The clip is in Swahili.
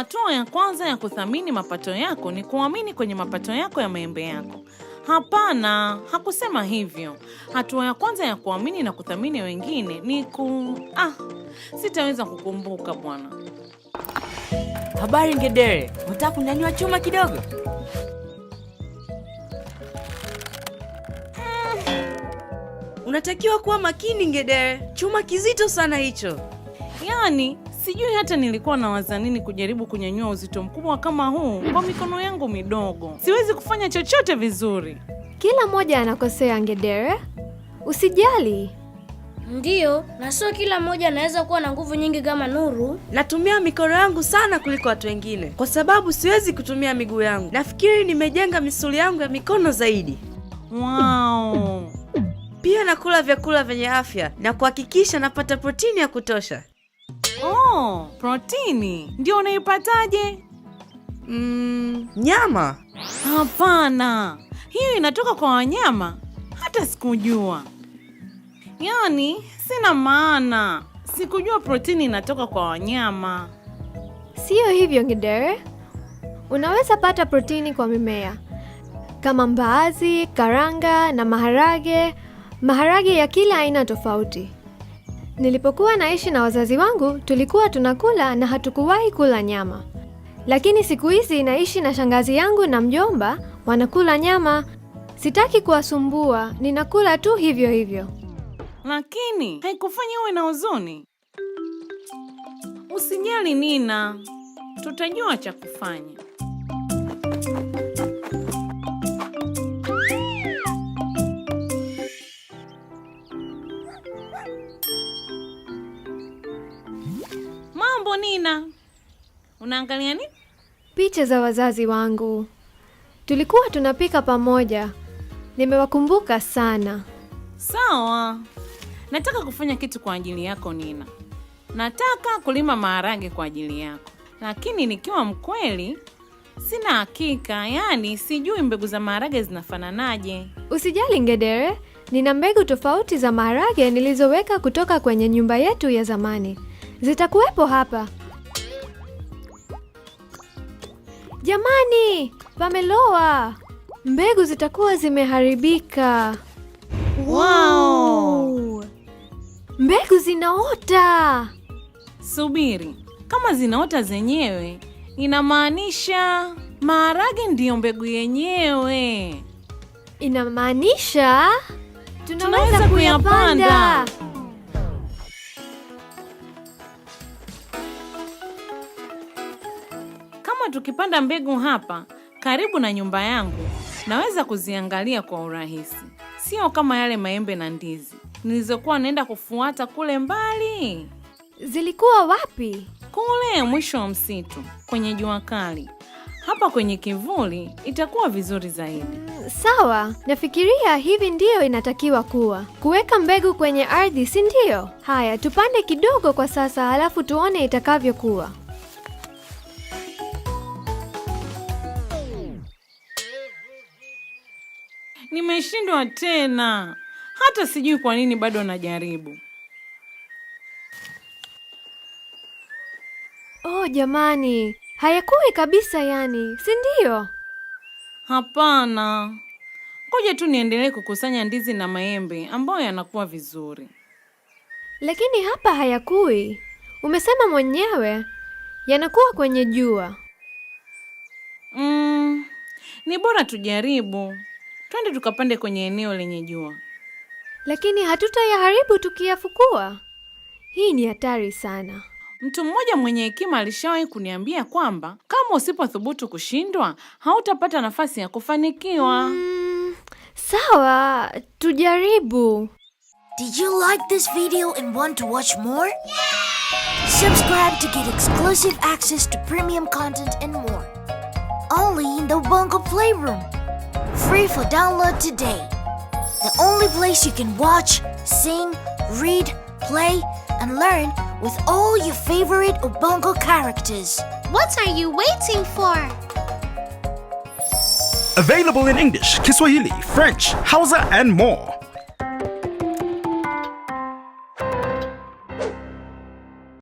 Hatua ya kwanza ya kuthamini mapato yako ni kuamini kwenye mapato yako ya maembe yako. Hapana, hakusema hivyo. Hatua ya kwanza ya kuamini na kuthamini wengine ni ku... Ah, sitaweza kukumbuka bwana. Habari ngedere, unataka kunyanyua chuma kidogo? Unatakiwa kuwa makini ngedere, chuma kizito sana hicho. Yaani Sijui hata nilikuwa nawaza nini kujaribu kunyanyua uzito mkubwa kama huu kwa mikono yangu midogo. Siwezi kufanya chochote vizuri. Kila mmoja anakosea, Ngedere, usijali. Ndiyo, na sio kila mmoja anaweza kuwa na nguvu nyingi kama Nuru. Natumia mikono yangu sana kuliko watu wengine, kwa sababu siwezi kutumia miguu yangu. Nafikiri nimejenga misuli yangu ya mikono zaidi. Wow. Pia nakula vyakula vyenye afya na kuhakikisha napata protini ya kutosha. Oh, protini ndio unaipataje? Mm, nyama? Hapana, hiyo inatoka kwa wanyama. Hata sikujua, yaani sina maana, sikujua protini inatoka kwa wanyama. Siyo hivyo Ngedere, unaweza pata protini kwa mimea kama mbaazi, karanga na maharage, maharage ya kila aina tofauti. Nilipokuwa naishi na wazazi wangu, tulikuwa tunakula na hatukuwahi kula nyama, lakini siku hizi naishi na shangazi yangu na mjomba, wanakula nyama. Sitaki kuwasumbua, ninakula tu hivyo hivyo. Lakini haikufanya uwe na huzuni. Usijali Nina, tutajua cha kufanya. Amina, unaangalia nini? Picha za wazazi wangu, tulikuwa tunapika pamoja. Nimewakumbuka sana. Sawa, nataka kufanya kitu kwa ajili yako Nina. Nataka kulima maharage kwa ajili yako, lakini nikiwa mkweli, sina hakika, yaani sijui mbegu za maharage zinafananaje. Usijali Ngedere, nina mbegu tofauti za maharage nilizoweka kutoka kwenye nyumba yetu ya zamani zitakuwepo hapa. Jamani, pameloa, mbegu zitakuwa zimeharibika. Wow, mbegu zinaota. Subiri, kama zinaota zenyewe inamaanisha maharage ndiyo mbegu yenyewe. Inamaanisha tunaweza, tunaweza kuyapanda, kuyapanda. Kama tukipanda mbegu hapa karibu na nyumba yangu, naweza kuziangalia kwa urahisi, sio kama yale maembe na ndizi nilizokuwa naenda kufuata kule mbali. Zilikuwa wapi? Kule mwisho wa msitu kwenye jua kali. Hapa kwenye kivuli itakuwa vizuri zaidi. Mm, sawa, nafikiria hivi ndiyo inatakiwa kuwa, kuweka mbegu kwenye ardhi, si ndiyo? Haya, tupande kidogo kwa sasa, halafu tuone itakavyokuwa. Nimeshindwa tena, hata sijui kwa nini bado najaribu. Oh jamani, hayakuwi kabisa yani, si ndio? Hapana, ngoja tu niendelee kukusanya ndizi na maembe ambayo yanakuwa vizuri. Lakini hapa hayakui, umesema mwenyewe yanakuwa kwenye jua. Mm, ni bora tujaribu twende tukapande kwenye eneo lenye jua. Lakini hatutayaharibu tukiyafukua? Hii ni hatari sana. Mtu mmoja mwenye hekima alishawahi kuniambia kwamba kama usipothubutu kushindwa, hautapata nafasi ya kufanikiwa. Mm, sawa, tujaribu. Did you like this video and want to watch more? Yeah! Subscribe to get exclusive access to premium content and more. Only in the Bongo Playroom. free for download today. The only place you can watch, sing, read, play, and learn with all your favorite Ubongo characters. What are you waiting for? Available in English, Kiswahili, French, Hausa, and more.